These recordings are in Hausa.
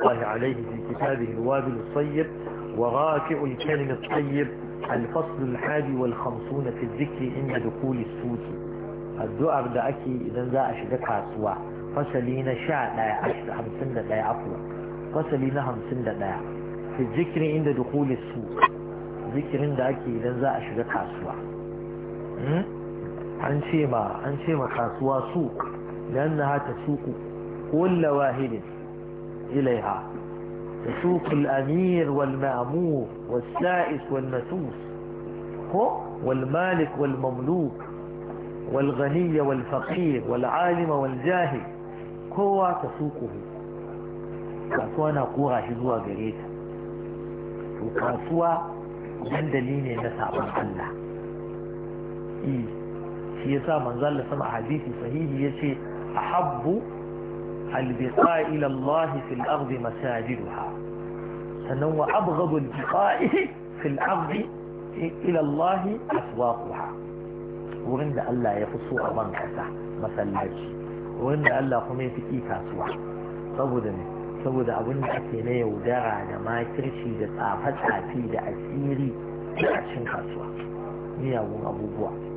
الله عليه في كتابه الوابل الصيب وغاكع الكلم الطيب الفصل الحادي والخمسون في الذكر عند دخول السوس الدعاء بدأك إذا ذا أشدك عسوا فسلين شاء لا يعشد همسند لا يعطوا فسلين همسند لا في الذكر عند دخول السوس ذكر عندك إذا ذا أشدك عسوا عن شيما عن شيما خاسوا سوق لأنها تسوق كل واهل إليها تسوق الأمير والمأمور والسائس والمسوس هو والمالك والمملوك والغني والفقير والعالم والجاهل كوا تسوقه كاسوانا قوها هزوا غريتا وكاسوا جندلين النساء من الله إيه هي يسا من ظل سمع حديث صحيح يشي أحب البقاء إلى الله في الأرض مساجدها سنو أبغض البقاء في الأرض إلى الله أسواقها ورند ألا يفصو أرمان كسا مسلاجي ورند ألا قمي في إيكا سوا صبودني صبود أبن أتيني ودرع نما ترشي دا تافتا في دا أسيري دا أشن كسوا أبو بوا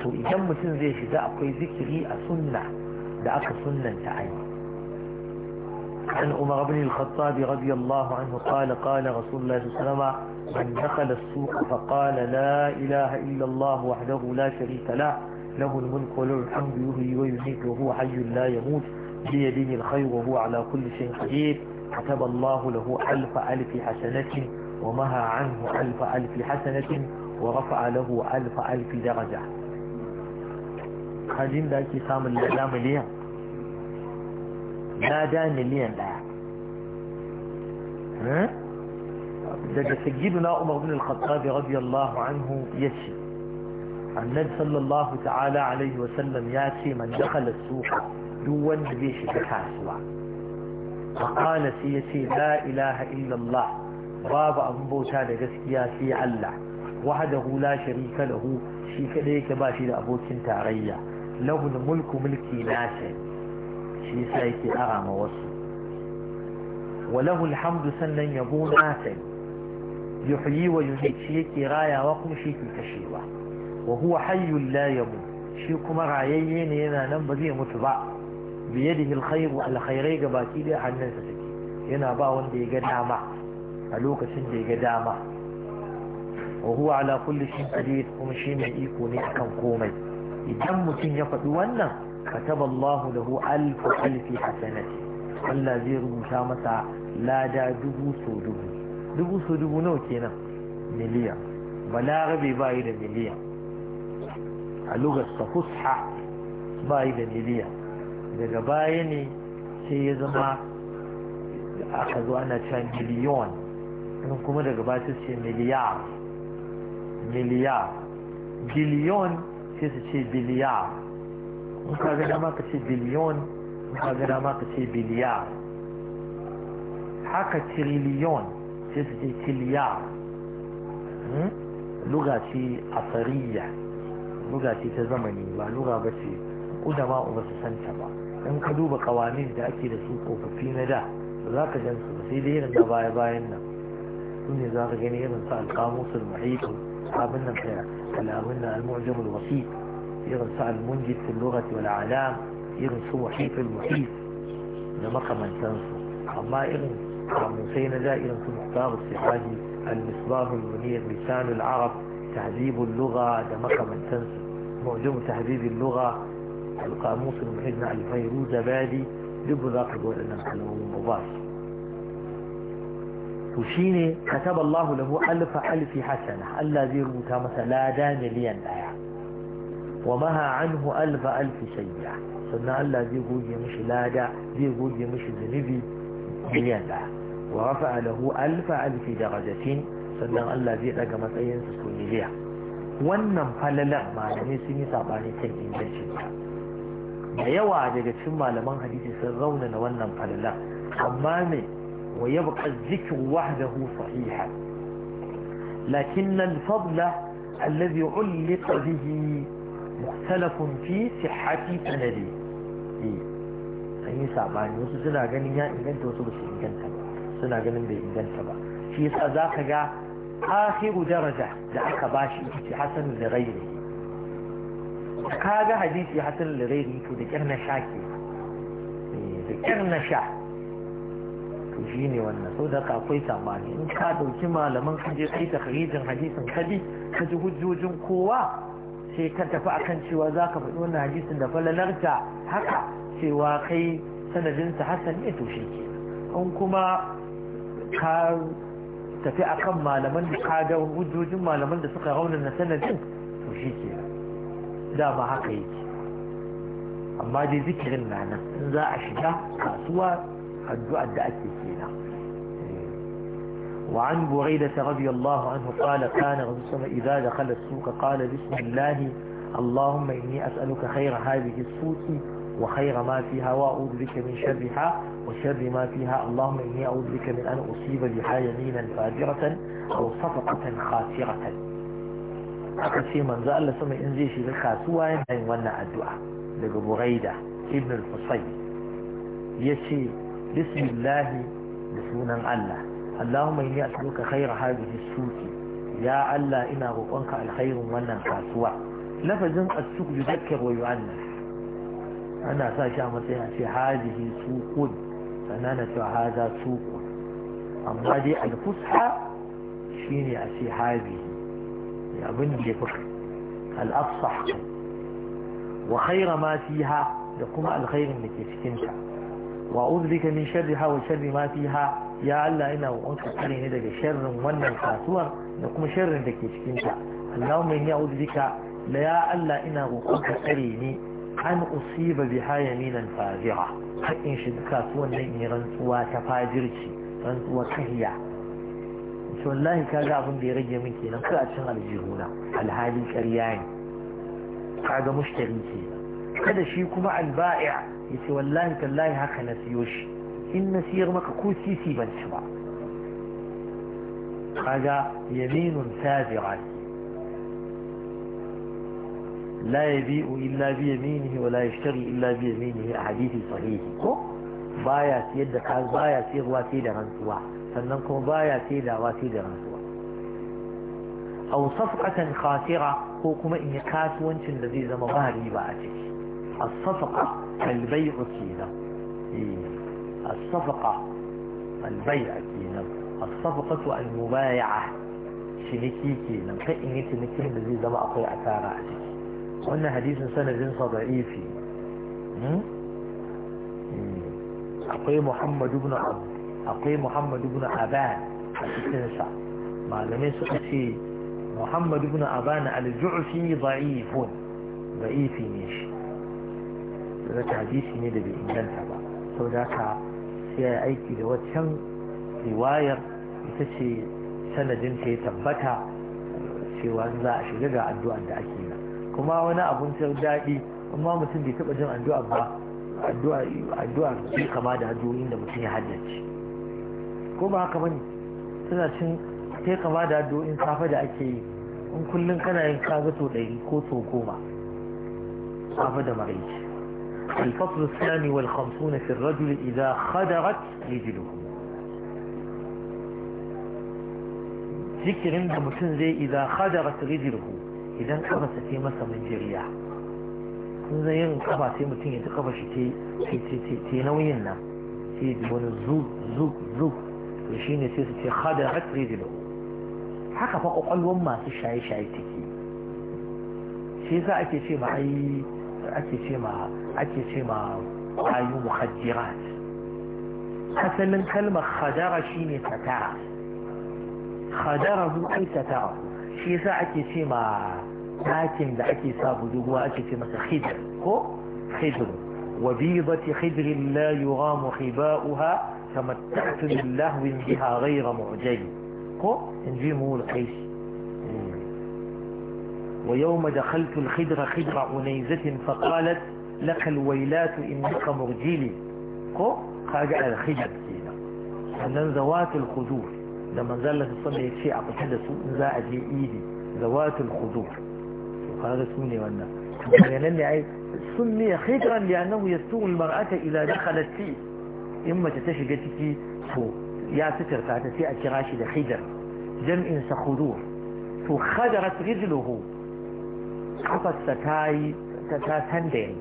to idan mutum zai shiga ذكري أسنة دعك سنة تعين عن عمر بن الخطاب رضي الله عنه قال قال رسول الله صلى الله عليه وسلم من دخل السوق فقال لا إله إلا الله وحده لا شريك له له الملك وله الحمد يهي ويميت وهو حي لا يموت بيده الخير وهو على كل شيء قدير كتب الله له ألف ألف حسنة ومهى عنه ألف ألف حسنة ورفع له ألف ألف درجة kajin da ake samun lada miliyan lada miliyan daya eh? daga sayyiduna umar bin al-khattab radiyallahu anhu yace annabi sallallahu ta'ala alaihi wa ya ce man dakhala suq duk wanda zai shiga kasuwa fa qala sai yace la ilaha illallah babu abun bauta da gaskiya sai allah wahdahu la sharika lahu shi kadai yake ba shi da abokin tarayya lahul mulku mulki nashi shi sa yake ara wasu wa lahul hamdu sannan yabo nashi yuhyi wa yuhyi shi yake rayawa kuma shi ke kashewa wa huwa hayyul la yamut shi kuma rayayye ne yana nan ba zai mutu ba da alkhairu alkhairai baki da hannunsa take yana ba wanda ya ga dama a lokacin da ya ga dama wa huwa ala kulli shay'in qadir kuma shi mai iko ne akan komai idan mutum ya faɗi wannan kataba Allahu lahu alfu alfi hasanati Allah zai rubuta masa lada dubu so dubu dubu so dubu nawa kenan miliyan balarabe ba yi da miliyan a lugarsa fusha ba yi da miliyan daga baya ne sai ya zama aka zo ana cewa miliyon in kuma daga baya sai miliyar miliyar biliyon sai su ce biliya in ka gana ma ce biliyon in ka gana ma ka ce biliya haka tiriliyon sai su ce tiliya hmm? luga ce asariya luga ce ta zamani ba luga ba ce kudama ba su santa ba in ka duba kawamin da ake da su tsofaffi na da ba za ka jan su ba sai dai irin na baya-bayan nan su ne za ka gani irin su alkamusul mahaifin أصحاب النمسة كالأمنا المعجم الوسيط يغنصع المنجد في اللغة والعلام يغنصو وحيف المحيط نمق من تنسو أما إغن عمسين لا يغنصو مختار الصحابي المصباح المنير لسان العرب تهذيب اللغة دمق من تنصر معجم تهذيب اللغة القاموس المحيط مع فيروز بادي لبذاق بولنا قول أنه مباشر to shine kataba Allah lahu alfa alfi hasana Allah zai rubuta masa lada miliyan daya wa maha anhu alfa alfi sayya sannan Allah zai goge mishi lada zai goge mishi zunubi miliyan daya wa rafa lahu alfa alfi darajatin sannan Allah zai daga matsayin su miliya wannan falalan malamai sun yi sabani kan ingancin da yawa daga cikin malaman hadisi sun na wannan falalan amma me ويبقى الذكر وحده صحيحا لكن الفضل الذي علق به مختلف في صحة سنده إيه؟ في صداقة آخر درجة لأخ باشي في حسن لغيره كاغا حديث حسن لغيره في ذكرنا شاكي ذكرنا إيه، شاكي to shi ne wannan sau da ka akwai sabani in ka ɗauki malaman ka je kai kharijin hadisin kadi ka ji hujjojin kowa sai ka tafi akan cewa za ka faɗi wannan hadisin da falalarta haka cewa kai sanadinsa hasan ne to shi ke in kuma ka tafi akan malaman da ka ga hujjojin malaman da suka rauna na sanadin to shi ke dama haka yake amma dai zikirin na nan in za a shiga kasuwa addu'ar da ake kenan وعن بريدة رضي الله عنه قال كان رضي الله إذا دخل السوق قال بسم الله اللهم إني أسألك خير هذه السوق وخير ما فيها وأعوذ بك من شرها وشر ما فيها اللهم إني أعوذ بك من أن أصيب بها يمينا فاجرة أو صفقة خاسرة أكثر من زال سمع إن زي شيء الخاسوة ينهي وانا الدعاء لقبو غيدة ابن الفصيل يشي bismillahi da sunan Allah Allahumma inni as'aluka khayra hadhihi as-suqi ya Allah ina roƙonka alkhairin wannan kasuwa lafazin as-suq yuzakkar wa yu'annas ana sa shi a matsayin a ce hadhihi suqun sannan na cewa hadha amma dai al-fusha shine a ce hadhihi abin da ya fi al-afsah wa khayra ma fiha da kuma alkhairin da ke cikinta wa uzrika min sharri ha wa sharri ma fiha ya Allah ina wanka kare ne daga sharrin wannan kasuwar da kuma sharrin da ke cikin ta Allahumma inni a'udhuka la ya Allah ina roƙonka kare ni an usiba bi ha yaminan fazi'a har in shi kasuwar nan in rantsuwa ta fajirci rantsuwa kariya to wallahi kaga abin da ya rage min kenan kada cin aljihuna alhali kariya ne kaga mushkari kada shi kuma alba'i ya ce wallahi tallahi haka na siyo shi in na siyar maka ko sisi ban ci ba kaga yaminun sabi'a لا يبيع إلا بيمينه ولا يشتري إلا بيمينه أحاديث صحيح ko baya siyar da kayan baya siyarwa sai da rantsuwa sannan kuma baya siyarwa sai da rantsuwa aw safqatan khasira ko kuma in yi kasuwancin da zai zama ba riba a ciki الصفقة البيع كينا إيه. الصفقة البيع كينا الصفقة المبايعة شنكي كينا فإن تنكي الذي زمع قوي أتارا عليك قلنا حديث سنة جنسة ضعيفي أقوي إيه. محمد بن عبد أقوي محمد بن عبا تنسى ما لم يسأتي محمد بن أبان الجعفي ضعيف ضعيف ماشي wata hadisi ne da bai inganta ba sau da ka sai ya aiki da waccan riwayar ita ce sanadin ta ya tabbata cewa za a shiga ga addu'ar da ake yi kuma wani abun sai daɗi amma mutum bai taɓa jin addu'a ba addu'a bai kama da addu'o'in da mutum ya haddace ko ba haka bane suna cin sai kama da addu'o'in safe da ake yi in kullum kana yin kaga to ɗari ko to goma kafa da maraice الفصل الثاني والخمسون في الرجل إذا خدرت رجله ذكر عند متن زي إذا خدرت رجله إذا انقبس في مسا من جريا زي انقبع في متن يتقبش تي تي تي تي تي نوينا تي دون زوب زوب زوب وشين يسيس تي خدرت رجله haka fa kwakwalwar masu shaye-shaye take shi za ake ce ma ai أتي شما أتي شما أيو مخدرات حسن من كلمة خدر شيني ستارة خدر هو أي ستارة شي ساعة أتي شما هاتم أتي سابو دوبو أتي شما خدر هو خدر وبيضة خدر لا يغام خباؤها كما تعتل بها غير معجي هو انجيمه القيس ويوم دخلت الخدر خدر أنيزة فقالت لك الويلات إنك مرجلي كو خاجع الخدر سينا ومن ذوات الخدور لما زال الصلاة يتشي أقتل سوء زاعد في ذوات الخدور هذا سوني وانا يعني أي سمي خدرا لأنه يستوغ المرأة إذا دخلت فيه إما تتشقتك فيه يا ستر فاتسي أكراشي لخدر جمع سخدور فخدرت رجله kafarsa ta yi ta ta da ni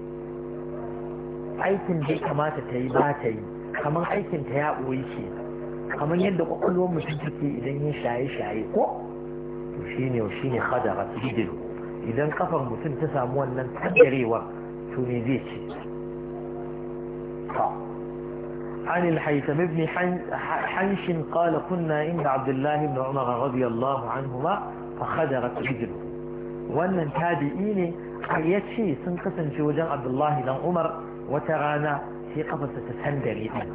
aikin da kamata ta yi ba ta yi kamar aikin ta ya ɓoyi ke kamar yadda kwakwalwar mutum take idan ya shaye-shaye ko to shi ne shi ne hadara bidiru idan kafar mutum ta samu wannan tattarewa to ne zai ce عن الحيثم بن حنش قال كنا عند عبد الله بن عمر رضي الله عنهما فخدرت رجله wannan tabi'i ne ya ce sun kasance wajen abdullahi dan umar wata rana sai kafarsa ta sandare ɗin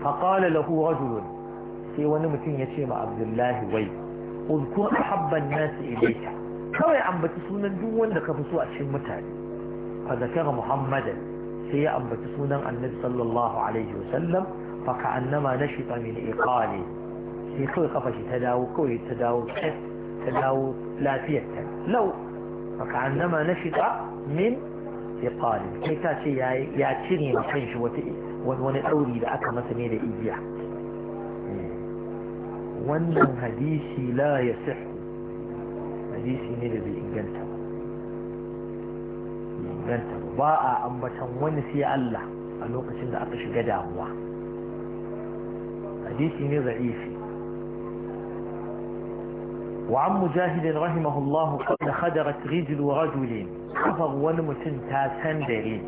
faƙala lahu rajulun sai wani mutum ya ce ma abdullahi wai uzkur ahabban nasu ilaika kawai ambaci sunan duk wanda ka fi so a cikin mutane fa zakara muhammadan sai ya ambaci sunan annabi sallallahu alaihi wasallam fa ka'annama nashita min iqali sai kawai kafa shi ta dawo kawai ta dawo أو لاتية لو فعندما نشط من إقالي كيف يأتيني محيش ونأولي لأكا مثلا إذا إيجيع وأن هديثي لا يصح هديثي نرى بإنجلتا إنجلتا باء أمبا تنونسي الله أنه قسم لأكش قدام هديثي نرى إيجيع وعن مجاهد رحمه الله قد خدرت رجل رجل كفر ونمتن تاسن دري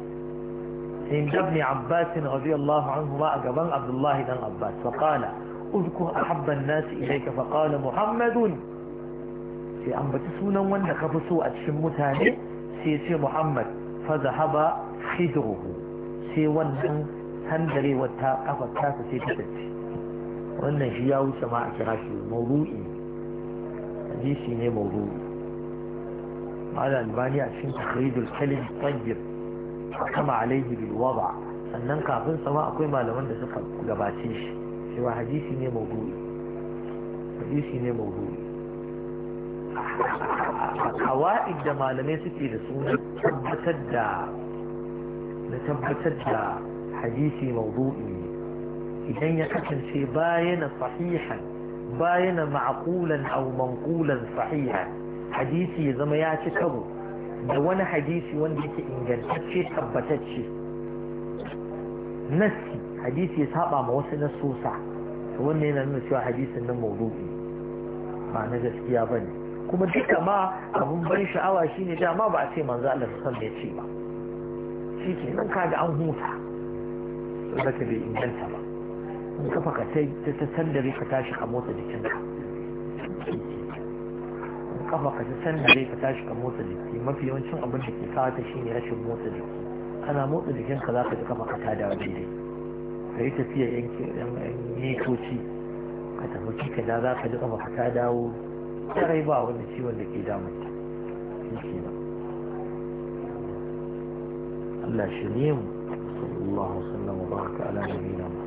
عند ابن عباس رضي الله عنهما أقبل عبد الله بن عباس فقال اذكر أحب الناس إليك فقال محمد في أنبت سونا وان كفسوا أتشم تاني سيسي محمد فذهب خدره سي وان تندري وتا قفت تاسي تتتي وان شياوي سماع كراشي موضوعي حديثي ما موضوع قال الباني عشان تخريج الكلم الطيب حكم عليه بالوضع سنن كافين سواء اكوي ما لون ده سفر قباتيش سوى حديثي ما موضوع حديثي ما موضوع حوائد ده لم يسكي رسول تبتد نتبتد حديثي موضوعي إذن يكتن سيباين صحيحا bayan ma'qulan aw manqulan sahiha hadisi ya zama ya ci karo da wani hadisi wanda yake ingantacce tabbatacce nassi hadisi ya saba ma wasu nassosa to wannan yana nuna cewa hadisin nan maudu'i ba na gaskiya bane kuma duka ma abun ban sha'awa shine dama ba a ce manzo Allah sallallahu alaihi ya ce ba shi nan kaga an huta saboda bai inganta ba in kafa ka sai ta sandare ka tashi ka motsa jikinka kafa ka ta sandare ka tashi ka motsa jiki mafi yawancin abin da ke kawo ta shine rashin motsa jiki kana motsa jikinka za ka ji kafa ka ta dawo daidai ka yi tafiya yan mitoci ka tafi ka da za ka ji kafa ka ta dawo sarai ba wani ciwon da ke damun ta shi ba Allah shi ne mu sallallahu alaihi wa sallam baraka ala nabiyina